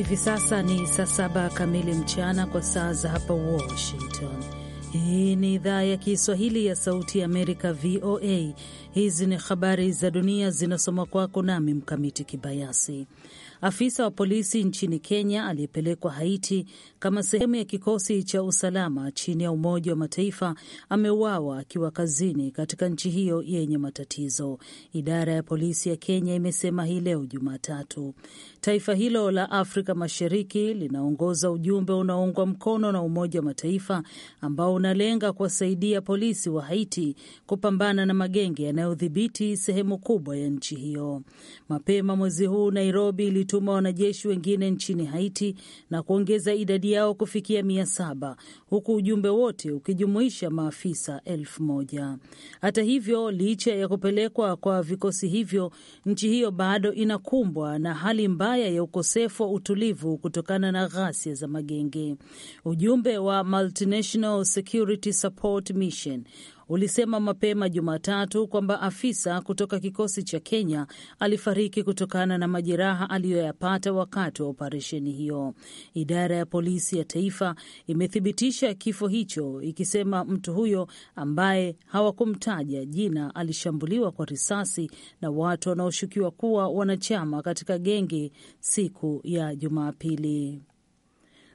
Hivi sasa ni saa saba kamili mchana kwa saa za hapa Washington. Hii ni idhaa ya Kiswahili ya Sauti ya Amerika, VOA. Hizi ni habari za dunia zinasoma kwako nami Mkamiti Kibayasi. Afisa wa polisi nchini Kenya aliyepelekwa Haiti kama sehemu ya kikosi cha usalama chini ya Umoja wa Mataifa ameuawa akiwa kazini katika nchi hiyo yenye matatizo, idara ya polisi ya Kenya imesema hii leo Jumatatu. Taifa hilo la Afrika Mashariki linaongoza ujumbe unaoungwa mkono na Umoja wa Mataifa ambao unalenga kuwasaidia polisi wa Haiti kupambana na magenge yanayodhibiti sehemu kubwa ya nchi hiyo. Mapema mwezi huu, Nairobi ilituma wanajeshi wengine nchini Haiti na kuongeza idadi yao kufikia mia saba huku ujumbe wote ukijumuisha maafisa elfu moja. Hata hivyo, licha ya kupelekwa kwa vikosi hivyo, nchi hiyo bado inakumbwa na hali mbaya mabaya ya ukosefu wa utulivu kutokana na ghasia za magenge. Ujumbe wa Multinational Security Support Mission ulisema mapema Jumatatu kwamba afisa kutoka kikosi cha Kenya alifariki kutokana na majeraha aliyoyapata wakati wa operesheni hiyo. Idara ya polisi ya taifa imethibitisha kifo hicho, ikisema mtu huyo ambaye hawakumtaja jina alishambuliwa kwa risasi na watu wanaoshukiwa kuwa wanachama katika genge siku ya Jumapili.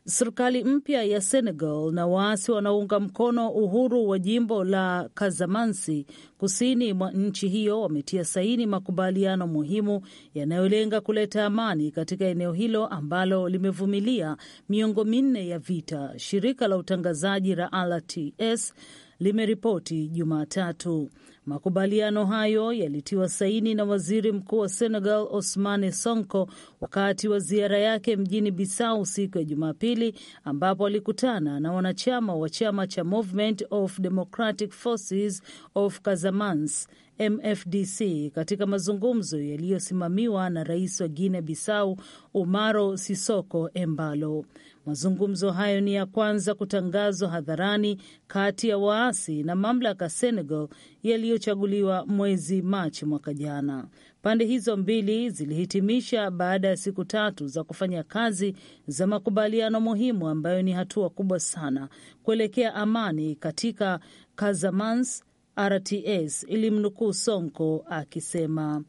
Serikali mpya ya Senegal na waasi wanaounga mkono uhuru wa jimbo la Kazamansi kusini mwa nchi hiyo wametia saini makubaliano muhimu yanayolenga kuleta amani katika eneo hilo ambalo limevumilia miongo minne ya vita, shirika la utangazaji la RTS limeripoti Jumatatu. Makubaliano hayo yalitiwa saini na waziri mkuu wa Senegal Ousmane Sonko wakati wa ziara yake mjini Bissau siku ya Jumapili, ambapo alikutana na wanachama wa chama cha Movement of Democratic Forces of Casamance MFDC katika mazungumzo yaliyosimamiwa na rais wa Guinea Bissau Umaro Sisoko Embalo. Mazungumzo hayo ni ya kwanza kutangazwa hadharani kati ya waasi na mamlaka Senegal yaliyochaguliwa mwezi Machi mwaka jana. Pande hizo mbili zilihitimisha baada ya siku tatu za kufanya kazi za makubaliano muhimu ambayo ni hatua kubwa sana kuelekea amani katika Casamance. RTS ilimnukuu Sonko akisema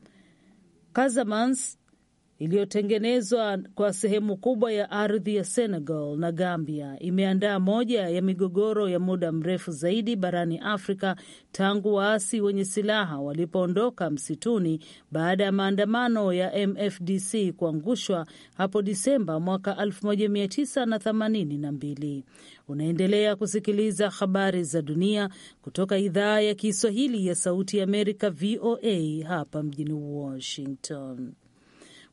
Casamance iliyotengenezwa kwa sehemu kubwa ya ardhi ya Senegal na Gambia imeandaa moja ya migogoro ya muda mrefu zaidi barani Afrika tangu waasi wenye silaha walipoondoka msituni baada ya maandamano ya MFDC kuangushwa hapo Disemba mwaka 1982. Unaendelea kusikiliza habari za dunia kutoka idhaa ya Kiswahili ya Sauti ya Amerika, VOA hapa mjini Washington.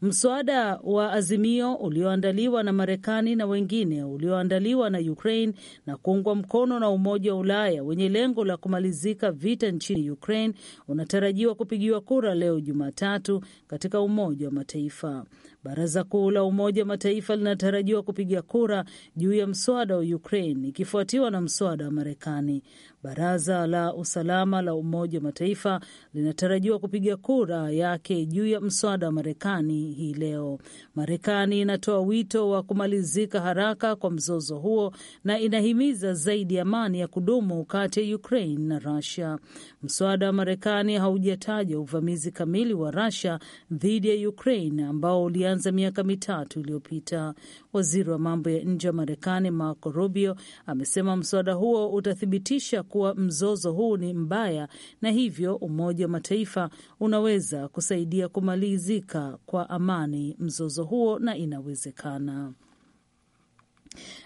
Mswada wa azimio ulioandaliwa na Marekani na wengine ulioandaliwa na Ukraine na kuungwa mkono na Umoja wa Ulaya wenye lengo la kumalizika vita nchini Ukraine unatarajiwa kupigiwa kura leo Jumatatu katika Umoja wa Mataifa. Baraza Kuu la Umoja wa Mataifa linatarajiwa kupiga kura juu ya mswada wa Ukraine ikifuatiwa na mswada wa Marekani. Baraza la Usalama la Umoja wa Mataifa linatarajiwa kupiga kura yake juu ya mswada wa Marekani hii leo. Marekani inatoa wito wa kumalizika haraka kwa mzozo huo na inahimiza zaidi amani ya kudumu kati ya Ukraine na rusia Mswada wa Marekani haujataja uvamizi kamili wa Rusia dhidi ya Ukraine ambao ulianza miaka mitatu iliyopita. Waziri wa mambo ya nje wa Marekani Marco Rubio amesema mswada huo utathibitisha kuwa mzozo huu ni mbaya na hivyo Umoja wa Mataifa unaweza kusaidia kumalizika kwa amani mzozo huo na inawezekana.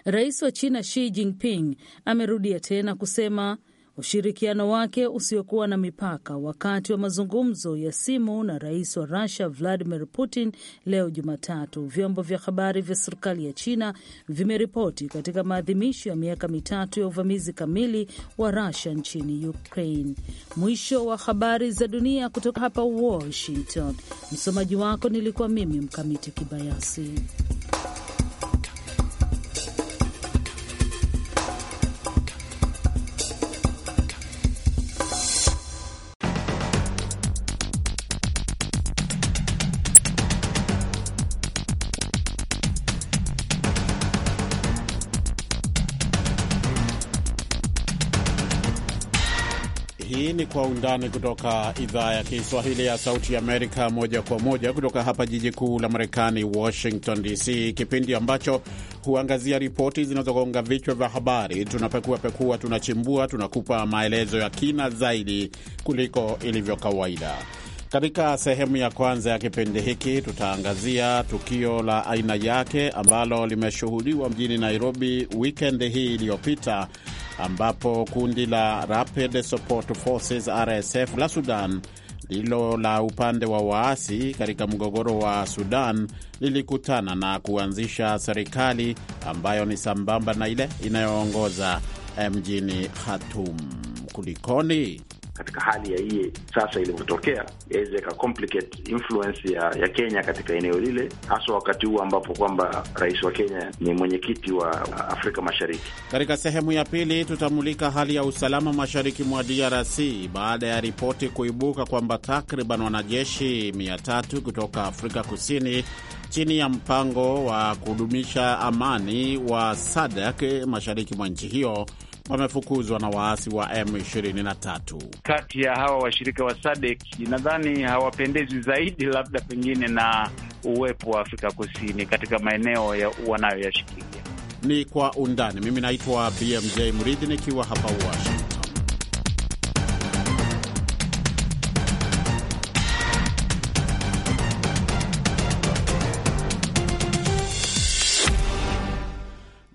Rais wa China Xi Jinping amerudia tena kusema ushirikiano wake usiokuwa na mipaka wakati wa mazungumzo ya simu na rais wa rusia Vladimir Putin leo Jumatatu, vyombo vya habari vya serikali ya China vimeripoti katika maadhimisho ya miaka mitatu ya uvamizi kamili wa rusia nchini Ukraine. Mwisho wa habari za dunia kutoka hapa Washington. Msomaji wako nilikuwa mimi Mkamiti Kibayasi. Kwa Undani kutoka idhaa ya Kiswahili ya Sauti Amerika, moja kwa moja kutoka hapa jiji kuu la Marekani, Washington DC, kipindi ambacho huangazia ripoti zinazogonga vichwa vya habari. Tunapekua pekua, tunachimbua, tunakupa maelezo ya kina zaidi kuliko ilivyo kawaida. Katika sehemu ya kwanza ya kipindi hiki tutaangazia tukio la aina yake ambalo limeshuhudiwa mjini Nairobi wikendi hii iliyopita ambapo kundi la Rapid Support Forces RSF la Sudan lilo la upande wa waasi katika mgogoro wa Sudan lilikutana na kuanzisha serikali ambayo ni sambamba na ile inayoongoza eh, mjini Khartoum. Kulikoni? katika hali ya hii sasa ilivyotokea yaweza ika complicate influence ya, ya Kenya katika eneo lile, haswa wakati huu ambapo kwamba rais wa Kenya ni mwenyekiti wa Afrika Mashariki. Katika sehemu ya pili tutamulika hali ya usalama mashariki mwa DRC baada ya ripoti kuibuka kwamba takriban wanajeshi 300 kutoka Afrika Kusini chini ya mpango wa kudumisha amani wa SADC mashariki mwa nchi hiyo wamefukuzwa na waasi wa M23. Kati ya hawa washirika wa SADC nadhani hawapendezi zaidi, labda pengine, na uwepo wa Afrika Kusini katika maeneo wanayoyashikilia. Ni kwa undani. Mimi naitwa BMJ Mridhi nikiwa hapa Washington.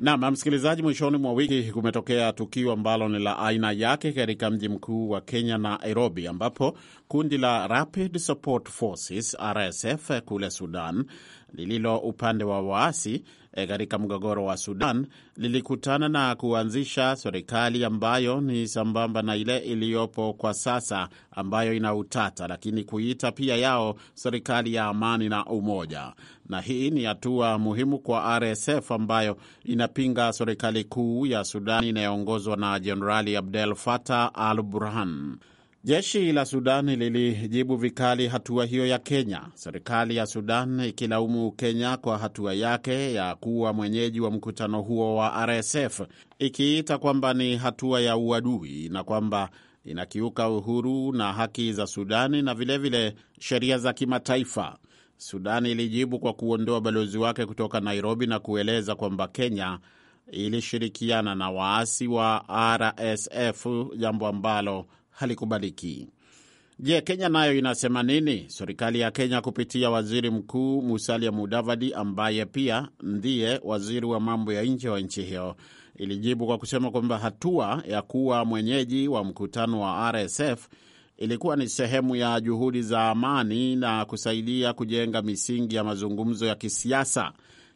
Nam msikilizaji, mwishoni mwa wiki kumetokea tukio ambalo ni la aina yake katika mji mkuu wa Kenya na Nairobi, ambapo kundi la Rapid Support Forces RSF kule Sudan lililo upande wa waasi E, katika mgogoro wa Sudan lilikutana na kuanzisha serikali ambayo ni sambamba na ile iliyopo kwa sasa ambayo ina utata, lakini kuita pia yao serikali ya amani na umoja. Na hii ni hatua muhimu kwa RSF ambayo inapinga serikali kuu ya Sudan inayoongozwa na Jenerali Abdel Fattah al-Burhan. Jeshi la Sudan lilijibu vikali hatua hiyo ya Kenya, serikali ya Sudan ikilaumu Kenya kwa hatua yake ya kuwa mwenyeji wa mkutano huo wa RSF, ikiita kwamba ni hatua ya uadui na kwamba inakiuka uhuru na haki za Sudani na vilevile sheria za kimataifa. Sudani ilijibu kwa kuondoa balozi wake kutoka Nairobi na kueleza kwamba Kenya ilishirikiana na waasi wa RSF, jambo ambalo halikubaliki. Je, Kenya nayo inasema nini? Serikali ya Kenya kupitia waziri mkuu Musalia Mudavadi, ambaye pia ndiye waziri wa mambo ya nje wa nchi hiyo, ilijibu kwa kusema kwamba hatua ya kuwa mwenyeji wa mkutano wa RSF ilikuwa ni sehemu ya juhudi za amani na kusaidia kujenga misingi ya mazungumzo ya kisiasa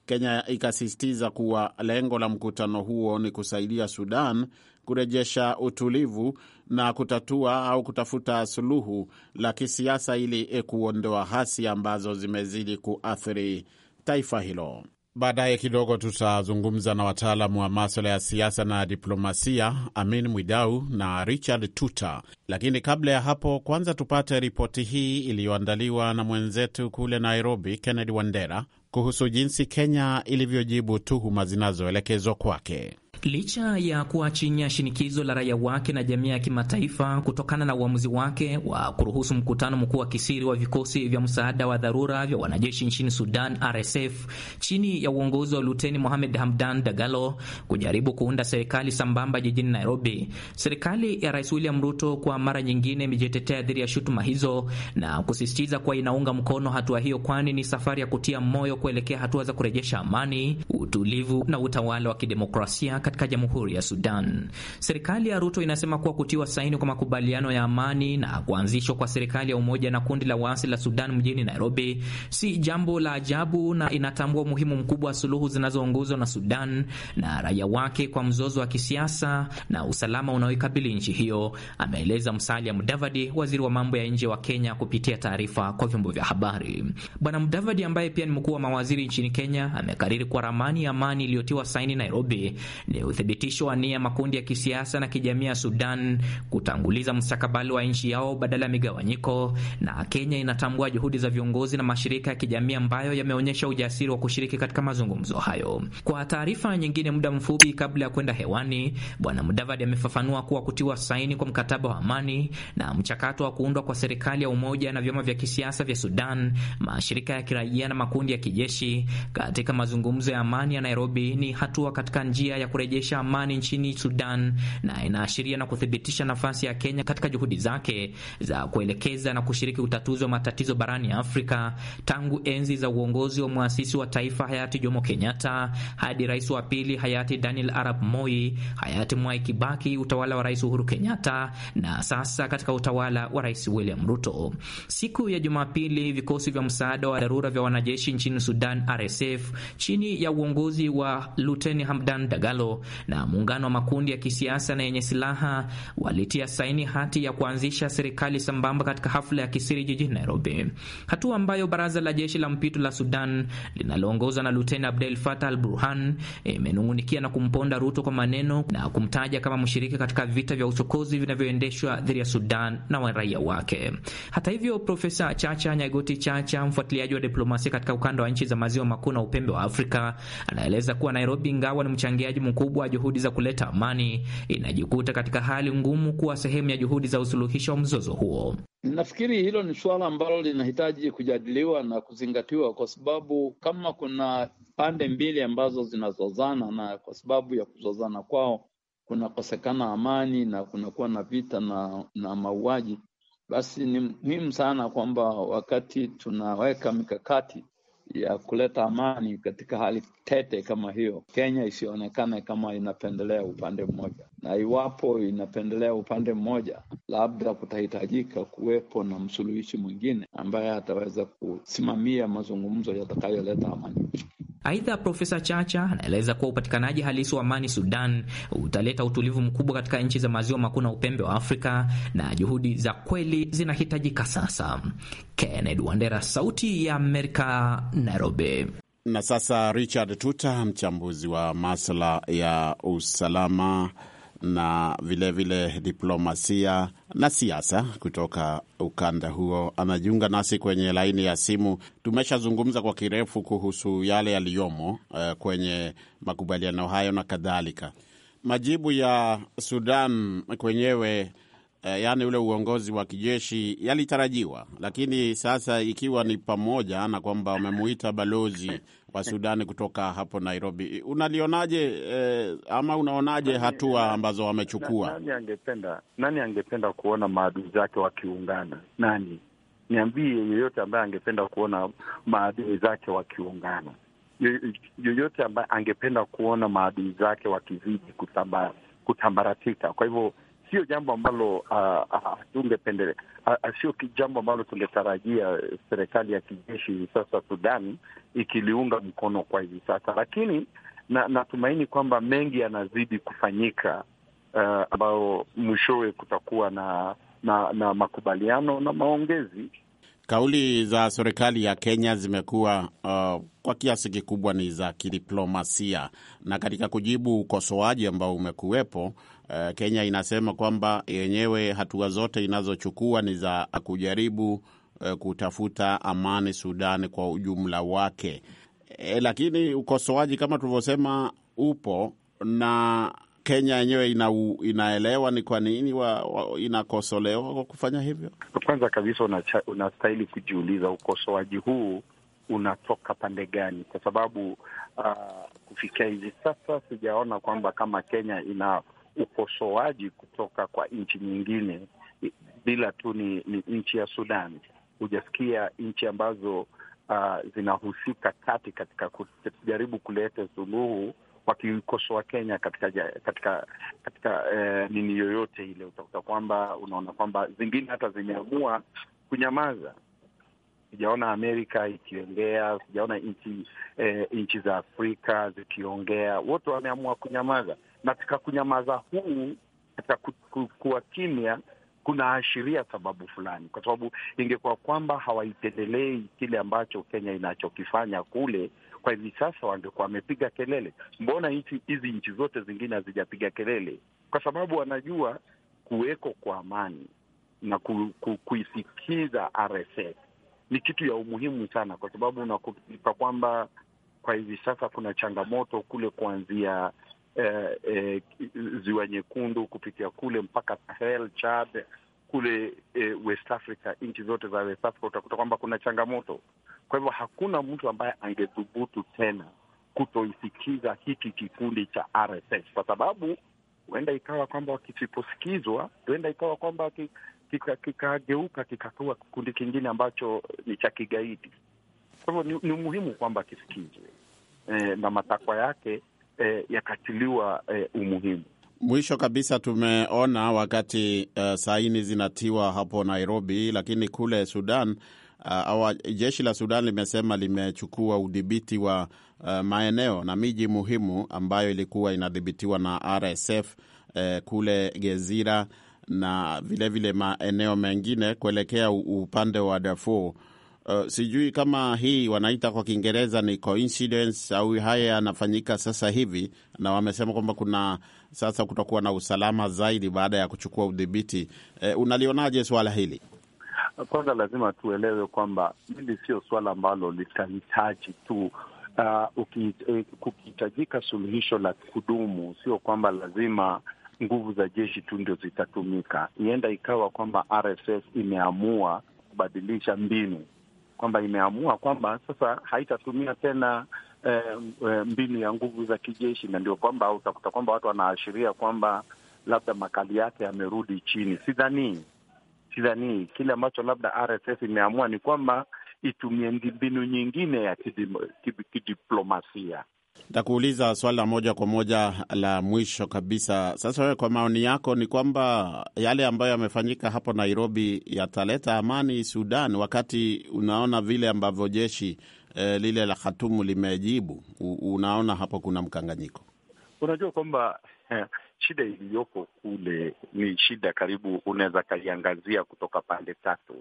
Kenya ikasisitiza kuwa lengo la mkutano huo ni kusaidia Sudan kurejesha utulivu na kutatua au kutafuta suluhu la kisiasa ili e kuondoa hasi ambazo zimezidi kuathiri taifa hilo. Baadaye kidogo tutazungumza na wataalamu wa maswala ya siasa na diplomasia Amin Mwidau na Richard Tuta, lakini kabla ya hapo, kwanza tupate ripoti hii iliyoandaliwa na mwenzetu kule Nairobi, Kennedy Wandera, kuhusu jinsi Kenya ilivyojibu tuhuma zinazoelekezwa kwake. Licha ya kuwa chini ya shinikizo la raia wake na jamii ya kimataifa kutokana na uamuzi wake wa kuruhusu mkutano mkuu wa kisiri wa vikosi vya msaada wa dharura vya wanajeshi nchini Sudan, RSF, chini ya uongozi wa Luteni Mohamed Hamdan Dagalo kujaribu kuunda serikali sambamba jijini Nairobi, serikali ya Rais William Ruto kwa mara nyingine imejitetea dhidi ya shutuma hizo na kusisitiza kuwa inaunga mkono hatua hiyo, kwani ni safari ya kutia moyo kuelekea hatua za kurejesha amani, utulivu na utawala wa kidemokrasia katika jamhuri ya Sudan. Serikali ya Ruto inasema kuwa kutiwa saini kwa makubaliano ya amani na kuanzishwa kwa serikali ya umoja na kundi la waasi la Sudan mjini Nairobi si jambo la ajabu na inatambua umuhimu mkubwa wa suluhu zinazoongozwa na Sudan na raia wake kwa mzozo wa kisiasa na usalama unaoikabili nchi hiyo, ameeleza Musalia Mudavadi, waziri wa mambo ya nje wa Kenya, kupitia taarifa kwa vyombo vya habari. Bwana Mudavadi ambaye pia ni mkuu wa mawaziri nchini Kenya amekariri kwa ramani ya amani iliyotiwa saini Nairobi vile uthibitisho wa nia makundi ya kisiasa na kijamii ya Sudan kutanguliza mustakabali wa nchi yao badala ya migawanyiko, na Kenya inatambua juhudi za viongozi na mashirika ya kijamii ambayo yameonyesha ujasiri wa kushiriki katika mazungumzo hayo. Kwa taarifa nyingine, muda mfupi kabla ya kwenda hewani, Bwana Mudavadi amefafanua kuwa kutiwa saini kwa mkataba wa amani na mchakato wa kuundwa kwa serikali ya umoja na vyama vya kisiasa vya Sudan, mashirika ya kiraia na makundi ya kijeshi katika mazungumzo ya amani ya Nairobi ni hatua katika njia ya kure kurejesha amani nchini Sudan na inaashiria na kuthibitisha nafasi ya Kenya katika juhudi zake za kuelekeza na kushiriki utatuzi wa matatizo barani Afrika tangu enzi za uongozi wa mwasisi wa taifa hayati Jomo Kenyatta hadi rais wa pili hayati Daniel Arap Moi, hayati Mwai Kibaki, utawala wa Rais Uhuru Kenyatta na sasa katika utawala wa Rais William Ruto. Siku ya Jumapili, vikosi vya msaada wa dharura vya wanajeshi nchini Sudan, RSF, chini ya uongozi wa Luteni Hamdan Dagalo na muungano wa makundi ya kisiasa na yenye silaha walitia saini hati ya kuanzisha serikali sambamba katika hafla ya kisiri jijini Nairobi, hatua ambayo baraza la jeshi la mpito la Sudan linaloongozwa na Luteni Abdel Fattah al Burhan imenung'unikia na kumponda Ruto kwa maneno na kumtaja kama mshiriki katika vita vya uchokozi vinavyoendeshwa dhidi ya Sudan na raia wake. Hata hivyo, Profesa Chacha Nyagoti Chacha, mfuatiliaji wa diplomasia katika ukanda wa nchi za maziwa makuu na upembe wa Afrika, anaeleza kuwa Nairobi, ingawa ni mchangiaji mkuu mkubwa juhudi za kuleta amani inajikuta katika hali ngumu kuwa sehemu ya juhudi za usuluhisho wa mzozo huo. Nafikiri hilo ni suala ambalo linahitaji kujadiliwa na kuzingatiwa, kwa sababu kama kuna pande mbili ambazo zinazozana, na kwa sababu ya kuzozana kwao kunakosekana amani na kunakuwa na vita na, na mauaji, basi ni muhimu sana kwamba wakati tunaweka mikakati ya kuleta amani katika hali tete kama hiyo. Kenya isionekane kama inapendelea upande mmoja, na iwapo inapendelea upande mmoja, labda kutahitajika kuwepo na msuluhishi mwingine ambaye ataweza kusimamia mazungumzo yatakayoleta amani. Aidha, Profesa Chacha anaeleza kuwa upatikanaji halisi wa amani Sudan utaleta utulivu mkubwa katika nchi za maziwa makuu na upembe wa Afrika, na juhudi za kweli zinahitajika sasa. Kennedy Wandera, Sauti ya Amerika, Nairobi. Na sasa Richard Tuta, mchambuzi wa masuala ya usalama na vilevile vile diplomasia na siasa kutoka ukanda huo. Anajiunga nasi kwenye laini ya simu. Tumeshazungumza kwa kirefu kuhusu yale yaliyomo uh, kwenye makubaliano hayo na kadhalika. Majibu ya Sudan kwenyewe eh, yaani ule uongozi wa kijeshi yalitarajiwa, lakini sasa ikiwa ni pamoja na kwamba wamemuita balozi wa eh. Sudani kutoka hapo Nairobi. Unalionaje eh, ama unaonaje hatua eh, ambazo wamechukua? Nani angependa, nani angependa kuona maadui zake wakiungana? Nani niambie, yeyote ambaye angependa kuona maadui zake wakiungana, yeyote ambaye angependa kuona maadui zake wakizidi kutambaratika. Kwa hivyo sio jambo ambalo ah, ah, tungependelea, ah, sio jambo ambalo tungetarajia eh, serikali ya kijeshi hivi sasa Sudani ikiliunga mkono kwa hivi sasa, lakini na natumaini kwamba mengi yanazidi kufanyika uh, ambayo mwishowe kutakuwa na, na na makubaliano na maongezi. Kauli za serikali ya Kenya zimekuwa uh, kwa kiasi kikubwa ni za kidiplomasia, na katika kujibu ukosoaji ambao umekuwepo Eh, Kenya inasema kwamba yenyewe hatua zote inazochukua ni za kujaribu eh, kutafuta amani sudani kwa ujumla wake. E, lakini ukosoaji kama tulivyosema upo na Kenya yenyewe ina, inaelewa ni kwa nini inakosolewa kwa kufanya hivyo. Kwanza kabisa unastahili kujiuliza ukosoaji huu unatoka pande gani? Kwa sababu uh, kufikia hivi sasa sijaona kwamba kama Kenya ina ukosoaji kutoka kwa nchi nyingine, bila tu ni, ni nchi ya Sudan. Hujasikia nchi ambazo uh, zinahusika kati katika kujaribu kuleta suluhu wakikosoa Kenya katika katika katika eh, nini yoyote ile, utakuta kwamba unaona kwamba zingine hata zimeamua kunyamaza. Sijaona Amerika ikiongea, sijaona nchi eh, nchi za Afrika zikiongea, wote wameamua kunyamaza na katika kunyamaza huu, katika kuwa kimya kunaashiria sababu fulani, kwa sababu ingekuwa kwamba hawaitendelei kile ambacho Kenya inachokifanya kule, kwa hivi sasa wangekuwa wamepiga kelele. Mbona hizi nchi zote zingine hazijapiga kelele? Kwa sababu wanajua kuweko kwa amani na ku, ku, kuisikiza RSF ni kitu ya umuhimu sana, kwa sababu unakumbuka kwamba kwa hivi sasa kuna changamoto kule kuanzia eh, eh, ziwa nyekundu kupitia kule mpaka Sahel, Chad kule eh, West Africa, nchi zote za West Africa, utakuta kwamba kuna changamoto. Kwa hivyo hakuna mtu ambaye angethubutu tena kutoisikiza hiki kikundi cha RSS kwa sababu huenda ikawa kwamba wakisiposikizwa, huenda ikawa kwamba kikageuka kika kikakuwa kikundi kingine ambacho ni cha kigaidi. Kwa hivyo ni, ni muhimu kwamba kisikizwe eh, na matakwa yake eh, yakatiliwa eh, umuhimu. Mwisho kabisa tumeona wakati uh, saini zinatiwa hapo Nairobi, lakini kule Sudan uh, jeshi la Sudan limesema limechukua udhibiti wa uh, maeneo na miji muhimu ambayo ilikuwa inadhibitiwa na RSF uh, kule Gezira na vilevile vile maeneo mengine kuelekea upande wa Darfur. Uh, sijui kama hii wanaita kwa Kiingereza ni coincidence au haya yanafanyika sasa hivi, na wamesema kwamba kuna sasa kutakuwa na usalama zaidi baada ya kuchukua udhibiti. Eh, unalionaje suala hili? Kwanza lazima tuelewe kwamba hili sio suala ambalo litahitaji tu uh, eh, kukihitajika suluhisho la kudumu, sio kwamba lazima nguvu za jeshi tu ndio zitatumika. Ienda ikawa kwamba RSF imeamua kubadilisha mbinu kwamba imeamua kwamba sasa haitatumia tena e, mbinu ya nguvu za kijeshi, na ndio kwamba utakuta kwamba watu wanaashiria kwamba labda makali yake yamerudi chini. Sidhani, sidhani kile ambacho labda rss imeamua ni kwamba itumie mbinu nyingine ya kidiplomasia Nitakuuliza swala moja kwa moja la mwisho kabisa. Sasa wewe, kwa maoni yako, ni kwamba yale ambayo yamefanyika hapo Nairobi yataleta amani Sudan, wakati unaona vile ambavyo jeshi e, lile la Khatumu limejibu? Unaona hapo kuna mkanganyiko? Unajua kwamba eh, shida iliyoko kule ni shida karibu unaweza kaiangazia kutoka pande tatu.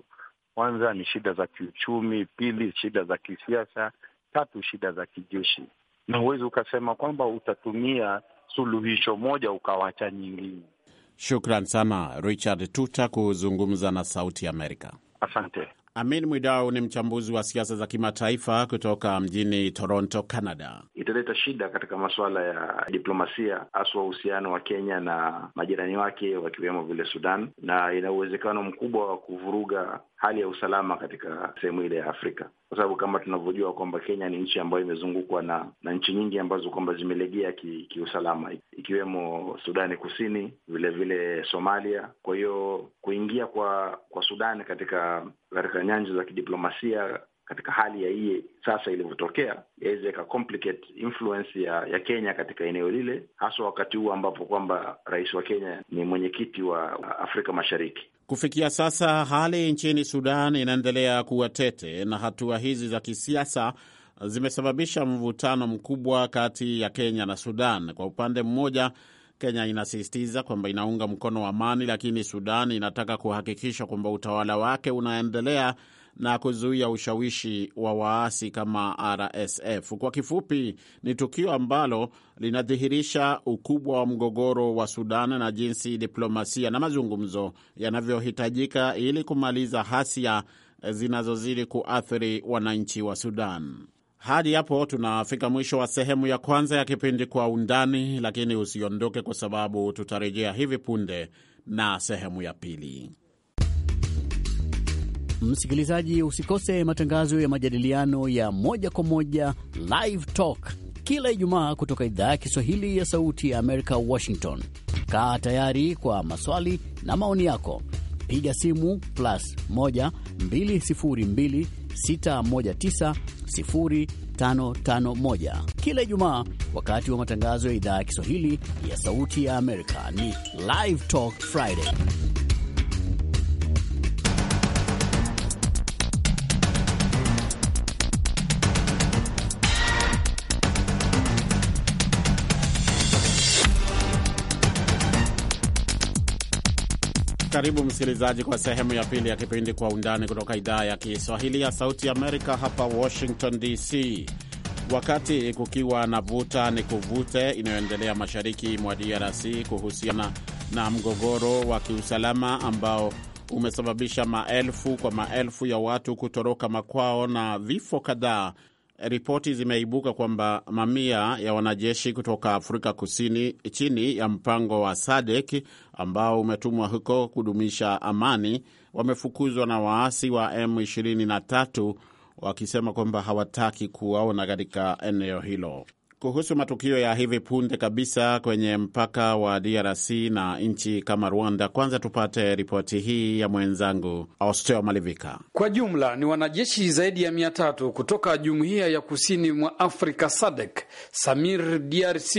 Kwanza ni shida za kiuchumi, pili shida za kisiasa, tatu shida za kijeshi na huwezi ukasema kwamba utatumia suluhisho moja ukawacha nyingine. Shukran sana Richard Tuta kuzungumza na Sauti Amerika. Asante. Amin Mwidau ni mchambuzi wa siasa za kimataifa kutoka mjini Toronto, Canada. Italeta shida katika masuala ya diplomasia, haswa uhusiano wa Kenya na majirani wake wakiwemo vile Sudan, na ina uwezekano mkubwa wa kuvuruga hali ya usalama katika sehemu ile ya Afrika, kwa sababu kama tunavyojua kwamba Kenya ni nchi ambayo imezungukwa na, na nchi nyingi ambazo kwamba zimelegea kiusalama ki ikiwemo Sudani Kusini, vilevile vile Somalia. Kwa hiyo kuingia kwa kwa Sudani katika katika nyanja za kidiplomasia katika hali ya hii sasa ilivyotokea yaweza complicate influence ya ya Kenya katika eneo lile, haswa wakati huu ambapo kwamba rais wa Kenya ni mwenyekiti wa Afrika Mashariki. Kufikia sasa hali nchini Sudan inaendelea kuwa tete, na hatua hizi za kisiasa zimesababisha mvutano mkubwa kati ya Kenya na Sudan. Kwa upande mmoja Kenya inasisitiza kwamba inaunga mkono amani, lakini Sudan inataka kuhakikisha kwamba utawala wake unaendelea na kuzuia ushawishi wa waasi kama RSF. Kwa kifupi, ni tukio ambalo linadhihirisha ukubwa wa mgogoro wa Sudan na jinsi diplomasia na mazungumzo yanavyohitajika ili kumaliza hasia zinazozidi kuathiri wananchi wa Sudan. Hadi hapo tunafika mwisho wa sehemu ya kwanza ya kipindi Kwa Undani, lakini usiondoke, kwa sababu tutarejea hivi punde na sehemu ya pili. Msikilizaji, usikose matangazo ya majadiliano ya moja kwa moja, Live Talk, kila Ijumaa kutoka idhaa ya Kiswahili ya Sauti ya Amerika, Washington. Kaa tayari kwa maswali na maoni yako, piga simu plus 1 202 619 0551 kila Ijumaa wakati wa matangazo ya idhaa ya Kiswahili ya Sauti ya Amerika. Ni Live Talk Friday. Karibu msikilizaji kwa sehemu ya pili ya kipindi Kwa Undani kutoka idhaa ya Kiswahili ya Sauti Amerika, hapa Washington DC. Wakati kukiwa na vuta ni kuvute inayoendelea mashariki mwa DRC kuhusiana na mgogoro wa kiusalama ambao umesababisha maelfu kwa maelfu ya watu kutoroka makwao na vifo kadhaa ripoti zimeibuka kwamba mamia ya wanajeshi kutoka Afrika Kusini chini ya mpango wa SADC ambao umetumwa huko kudumisha amani wamefukuzwa na waasi wa M23 wakisema kwamba hawataki kuwaona katika eneo hilo kuhusu matukio ya hivi punde kabisa kwenye mpaka wa DRC na nchi kama Rwanda. Kwanza tupate ripoti hii ya mwenzangu Austeo Malivika. Kwa jumla ni wanajeshi zaidi ya mia tatu kutoka jumuiya ya kusini mwa Afrika SADEK Samir DRC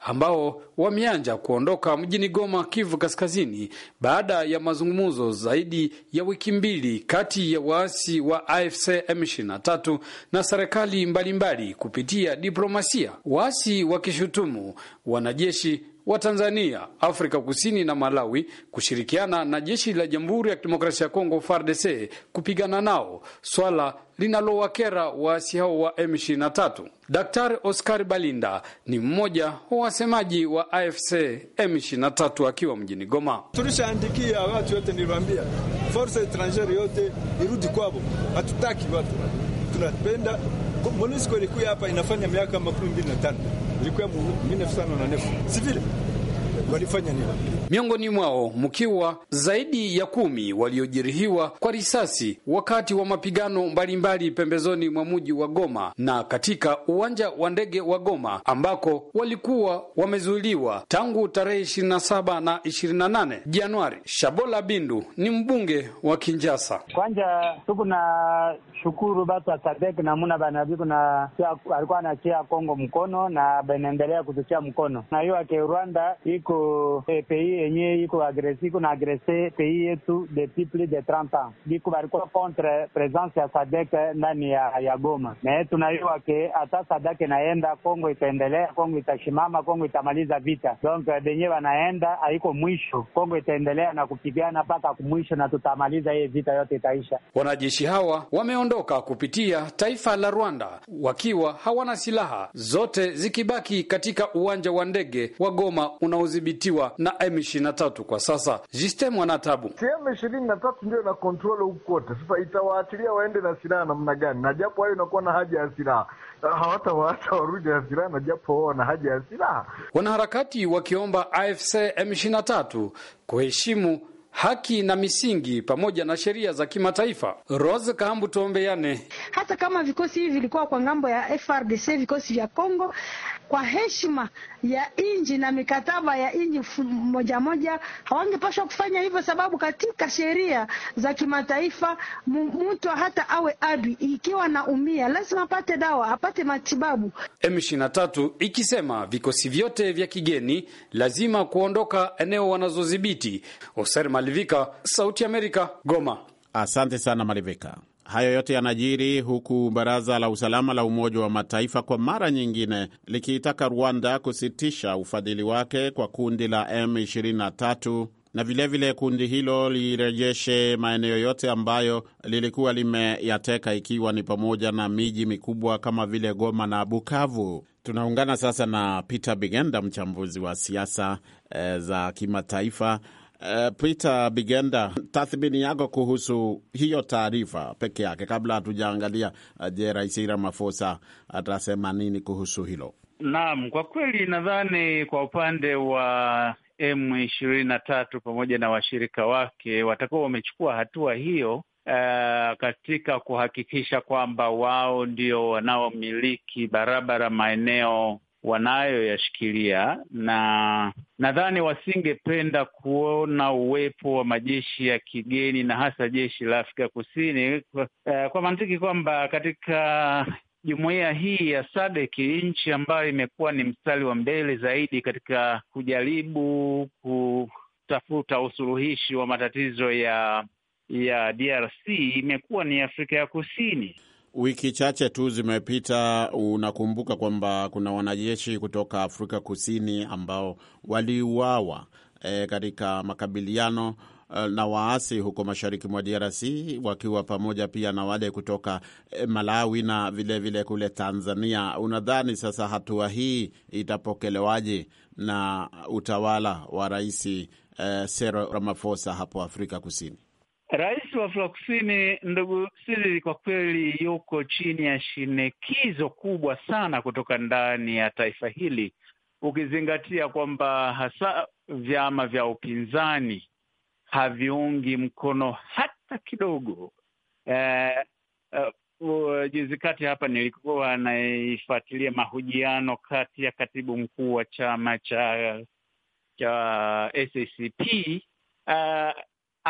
ambao wameanja kuondoka mjini Goma, Kivu Kaskazini, baada ya mazungumzo zaidi ya wiki mbili kati ya waasi wa AFC M23 na serikali mbalimbali kupitia diplomasia waasi wakishutumu wanajeshi wa Tanzania, Afrika Kusini na Malawi kushirikiana na jeshi la Jamhuri ya Kidemokrasia ya Kongo FARDC kupigana nao, swala linalowakera waasi hao wa M23. Daktari Oscar Balinda ni mmoja wa wasemaji wa AFC M23 akiwa mjini Goma. Tulishaandikia watu wote, niliwaambia force etrangere yote irudi kwavo, hatutaki watu tunapenda MONUSCO ilikuwa hapa inafanya miaka makumi mbili na tano ilikuwa mwaka elfu na walifanya nini? Miongoni mwao mkiwa zaidi ya kumi waliojeruhiwa kwa risasi wakati wa mapigano mbalimbali pembezoni mwa mji wa Goma na katika uwanja wa ndege wa Goma ambako walikuwa wamezuiliwa tangu tarehe 27 na 28 Januari. Shabola Bindu ni mbunge wa Kinjasa. Kwanza tuko na shukuru batu wa namuna banabiku na alikuwa anachia Kongo mkono na benaendelea kutuchia mkono na hiyo ake Rwanda iko biko pei yenye iko agresi iko na agrese pei yetu depuis plus de 30 ans, biko balikuwa contre presence ya Sadek ndani ya, ya Goma. me tunajua ke hata Sadek naenda Kongo itaendelea, Kongo itashimama, Kongo itamaliza vita, donc euh, benye wanaenda haiko mwisho. Kongo itaendelea na kupigana mpaka kumwisho, na tutamaliza hii vita yote, itaisha. Wanajeshi hawa wameondoka kupitia taifa la Rwanda wakiwa hawana silaha, zote zikibaki katika uwanja wa ndege wa Goma unaozibi kudhibitiwa na M23 kwa sasa. Justin Mwanatabu: M23 ndio na kontrole huku kote, sasa itawaachilia waende na silaha namna gani? Na japo hayo inakuwa na haja ya silaha ah, hawata waacha warudi na silaha, na japo wao wana haja ya silaha. Wanaharakati wakiomba AFC M23 kuheshimu haki na misingi pamoja na sheria za kimataifa. Rose Kahambu tuombeane hata kama vikosi hivi vilikuwa kwa ngambo ya FRDC, vikosi vya Kongo kwa heshima ya nchi na mikataba ya nchi moja moja, hawangepashwa kufanya hivyo, sababu katika sheria za kimataifa mtu hata awe adui, ikiwa na umia lazima apate dawa, apate matibabu. M23 ikisema vikosi vyote vya kigeni lazima kuondoka eneo wanazodhibiti. Oser Malivika, Sauti Amerika, Goma. Asante sana Malivika. Hayo yote yanajiri huku baraza la usalama la Umoja wa Mataifa kwa mara nyingine likiitaka Rwanda kusitisha ufadhili wake kwa kundi la M23 na vilevile vile kundi hilo lirejeshe maeneo yote ambayo lilikuwa limeyateka ikiwa ni pamoja na miji mikubwa kama vile Goma na Bukavu. Tunaungana sasa na Peter Bigenda, mchambuzi wa siasa e, za kimataifa Uh, Peter Bigenda, tathmini yako kuhusu hiyo taarifa peke yake, kabla hatujaangalia, eh, je, Rais Ramaphosa atasema nini kuhusu hilo? Naam, kwa kweli nadhani kwa upande wa M ishirini na tatu pamoja na washirika wake watakuwa wamechukua hatua hiyo uh, katika kuhakikisha kwamba wao ndio wanaomiliki barabara, maeneo wanayoyashikilia na nadhani wasingependa kuona uwepo wa majeshi ya kigeni na hasa jeshi la Afrika Kusini kwa, eh, kwa mantiki kwamba katika jumuiya hii ya SADC nchi ambayo imekuwa ni mstari wa mbele zaidi katika kujaribu kutafuta usuluhishi wa matatizo ya ya DRC imekuwa ni Afrika ya Kusini. Wiki chache tu zimepita, unakumbuka kwamba kuna wanajeshi kutoka Afrika Kusini ambao waliuawa e, katika makabiliano e, na waasi huko mashariki mwa DRC wakiwa pamoja pia na wale kutoka e, Malawi na vilevile vile kule Tanzania. Unadhani sasa hatua hii itapokelewaje na utawala wa Rais eh, Cyril Ramaphosa hapo Afrika Kusini? Rais wa Afrika Kusini ndugu Cyril kwa kweli yuko chini ya shinikizo kubwa sana kutoka ndani ya taifa hili, ukizingatia kwamba hasa vyama vya upinzani haviungi mkono hata kidogo. Eh, uh, juzi kati hapa nilikuwa naifuatilia mahojiano kati ya katibu mkuu wa chama cha cha SACP uh, eh,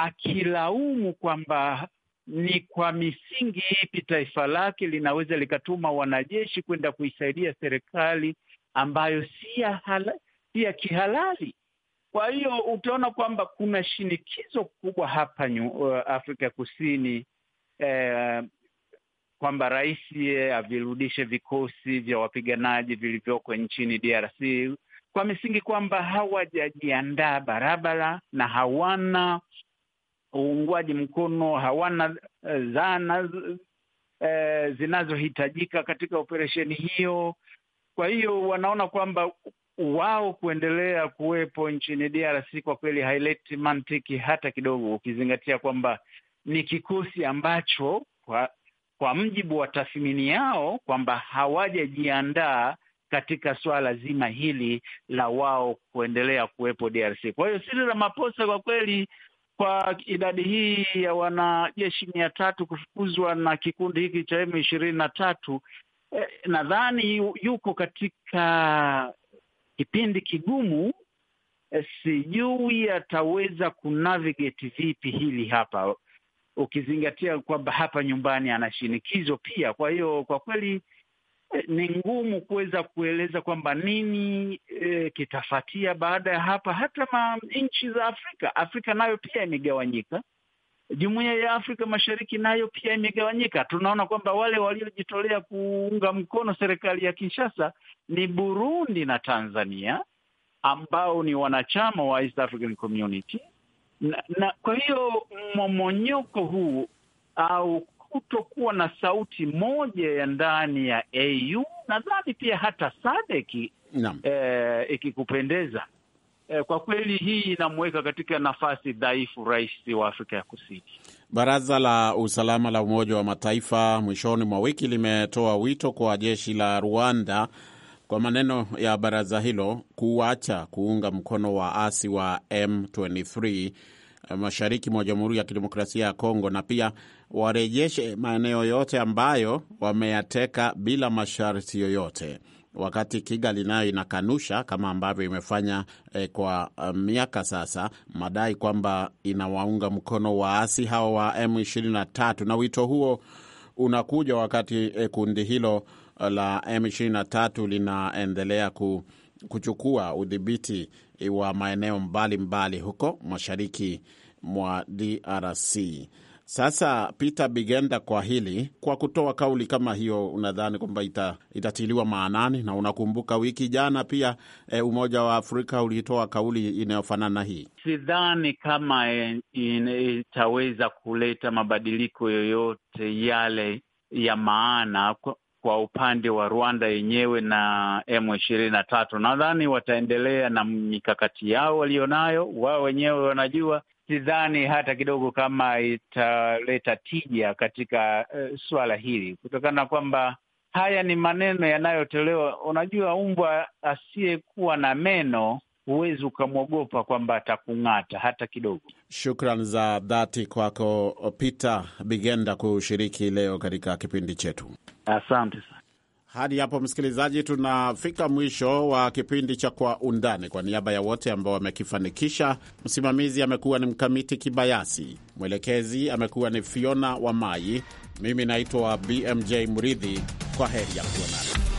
akilaumu kwamba ni kwa misingi ipi taifa lake linaweza likatuma wanajeshi kwenda kuisaidia serikali ambayo si ya hala, si ya kihalali. Kwa hiyo utaona kwamba kuna shinikizo kubwa hapa nyu, uh, Afrika Kusini eh, kwamba rais eh, avirudishe vikosi vya wapiganaji vilivyoko nchini DRC kwa misingi kwamba hawajajiandaa barabara na hawana uungwaji mkono, hawana eh, zana e, zinazohitajika katika operesheni hiyo. Kwa hiyo wanaona kwamba wao kuendelea kuwepo nchini DRC kwa kweli haileti mantiki hata kidogo, ukizingatia kwamba ni kikosi ambacho kwa, kwa mjibu wa tathmini yao kwamba hawajajiandaa katika swala zima hili la wao kuendelea kuwepo DRC. Kwa hiyo Cyril Ramaphosa kwa kweli kwa idadi hii ya wanajeshi mia tatu kufukuzwa na kikundi hiki cha M ishirini na tatu, eh, nadhani yuko katika kipindi kigumu. Eh, sijui ataweza kunavigeti vipi hili hapa, ukizingatia kwamba hapa nyumbani ana shinikizo pia. Kwa hiyo kwa kweli Eh, ni ngumu kuweza kueleza kwamba nini e, eh, kitafatia baada ya hapa. Hata ma nchi za Afrika, Afrika nayo pia imegawanyika. Jumuiya ya Afrika Mashariki nayo pia imegawanyika. Tunaona kwamba wale waliojitolea kuunga mkono serikali ya Kinshasa ni Burundi na Tanzania ambao ni wanachama wa East African Community na, na kwa hiyo momonyoko huu au hakutokuwa na sauti moja ya ndani ya AU, nadhani pia hata sadeki eh, ikikupendeza eh, kwa kweli hii inamweka katika nafasi dhaifu rais wa Afrika ya Kusini. Baraza la usalama la Umoja wa Mataifa mwishoni mwa wiki limetoa wito kwa jeshi la Rwanda, kwa maneno ya baraza hilo, kuacha kuunga mkono waasi wa M23 Eh, mashariki mwa Jamhuri ya Kidemokrasia ya Kongo, na pia warejeshe maeneo yote ambayo wameyateka bila masharti yoyote, wakati Kigali nayo inakanusha kama ambavyo imefanya eh, kwa eh, miaka um, sasa madai kwamba inawaunga mkono waasi hawa wa M23 na wito huo unakuja wakati eh, kundi hilo eh, la M23 linaendelea ku, kuchukua udhibiti wa maeneo mbalimbali mbali huko mashariki mwa DRC. Sasa Peter Bigenda, kwa hili, kwa kutoa kauli kama hiyo, unadhani kwamba ita, itatiliwa maanani? Na unakumbuka wiki jana pia e, Umoja wa Afrika ulitoa kauli inayofanana hii. Sidhani kama eh, itaweza kuleta mabadiliko yoyote yale ya maana kwa upande wa Rwanda yenyewe na M ishirini na tatu. Nadhani wataendelea na mikakati yao walionayo wao wenyewe wanajua. Sidhani hata kidogo kama italeta tija katika uh, eh, suala hili kutokana na kwamba haya ni maneno yanayotolewa. Unajua, umbwa asiyekuwa na meno huwezi ukamwogopa kwamba atakung'ata hata kidogo. Shukran za dhati kwako Peter Bigenda kushiriki leo katika kipindi chetu, asante sana. Hadi hapo msikilizaji, tunafika mwisho wa kipindi cha Kwa Undani. Kwa niaba ya wote ambao wamekifanikisha, msimamizi amekuwa ni Mkamiti Kibayasi, mwelekezi amekuwa ni Fiona Wamai, mimi naitwa BMJ Muridhi. Kwa heri ya kuonana.